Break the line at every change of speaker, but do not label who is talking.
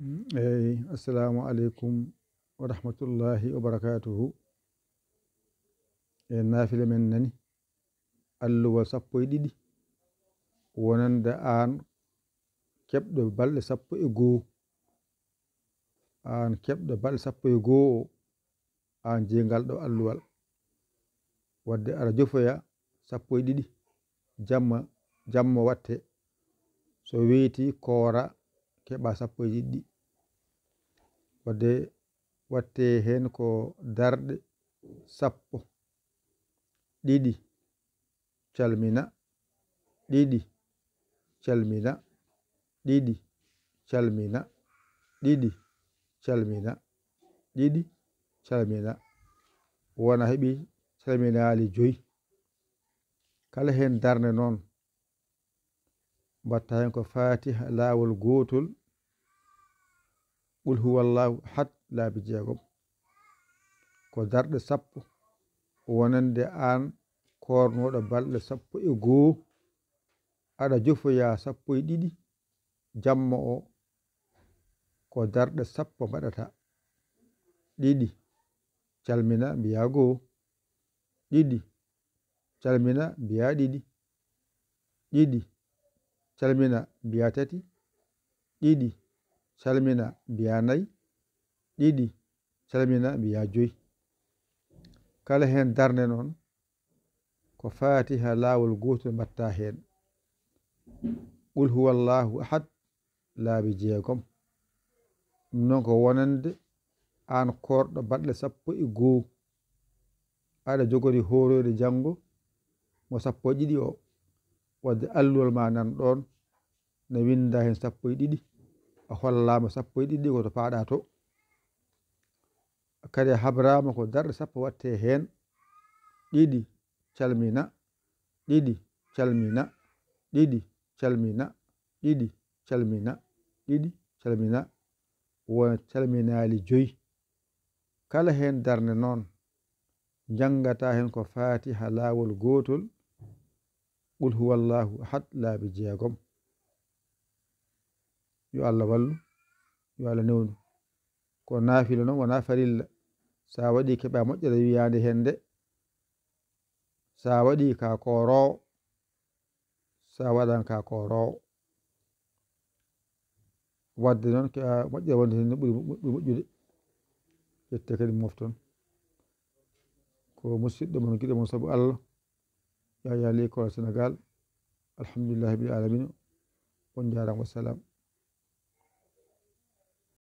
Mm, eyi assalamu aleykum wa rahmatullahi wa barakatuhu e naafile men nani alluwa sappo e ɗiɗi wonande aan keɓɗo balɗe sappo e goo aan keɓɗo balɗe sappo e goo o aan jeyngal ɗo alluwal wadde aɗa jofoya sappo e ɗiɗi jamma jamma watte so weyti koora keɓa sappo e ɗiɗɗi wadde watte hen ko darɗe sappo ɗiɗi calmina ɗiɗi calmina ɗiɗi calmina ɗiɗi calmina ɗiɗi calmina wona heɓi calminali joyi kala hen darde noon mbatta hen ko fati lawol gotol qul huwallahu had laabi jeegom ko darɗe sappo wonande aan koornoɗo balɗe sappo e goo aɗa jofoya sappo e ɗiɗi jamma o ko darɗe sappo mbaɗata ɗiɗi calmina mbiya goo ɗiɗi calmina mbiya ɗiɗi ɗiɗi calmina mbiya tati ɗiɗi salmina mbiya nayi ɗiɗi salmina mbiya joyi kala hen darde noon ko fatiha lawol gotol mbatta hen qul huwa llahu ahad laabi jeegom ɗum noon ko wonande an korɗo baɗɗe sappo e goo aɗa jogori horoyde janggo mo sappo e ɗiɗi o wadde allugol ma nan ɗon ne winda hen sappo e ɗiɗi a hollama sappo e ɗiɗi koto paɗa to kadi habrama ko darɗe sappo watte hen ɗiɗi calmina ɗiɗi calmina ɗiɗi calmina ɗiɗi calmina ɗiɗi calmina won calminali joyi kala hen darde noon jangata hen ko fatiha lawol gotol qul huwallahu ahad laabi jeegom yo allah wallu yo allah newnu ko naafila noon wona farilla sa waɗi keɓa moƴƴere wiyande hen nde sa waɗi ka korowo sa waɗan ka korowo wadde noon keɓa moƴƴere wonde hen ɓuri moƴƴude ƴette kadi mofton ko musidɗo mon giɗo mon saabu allah yaya likol sénégal alhamdulillahi bil alamina on jarama wassalam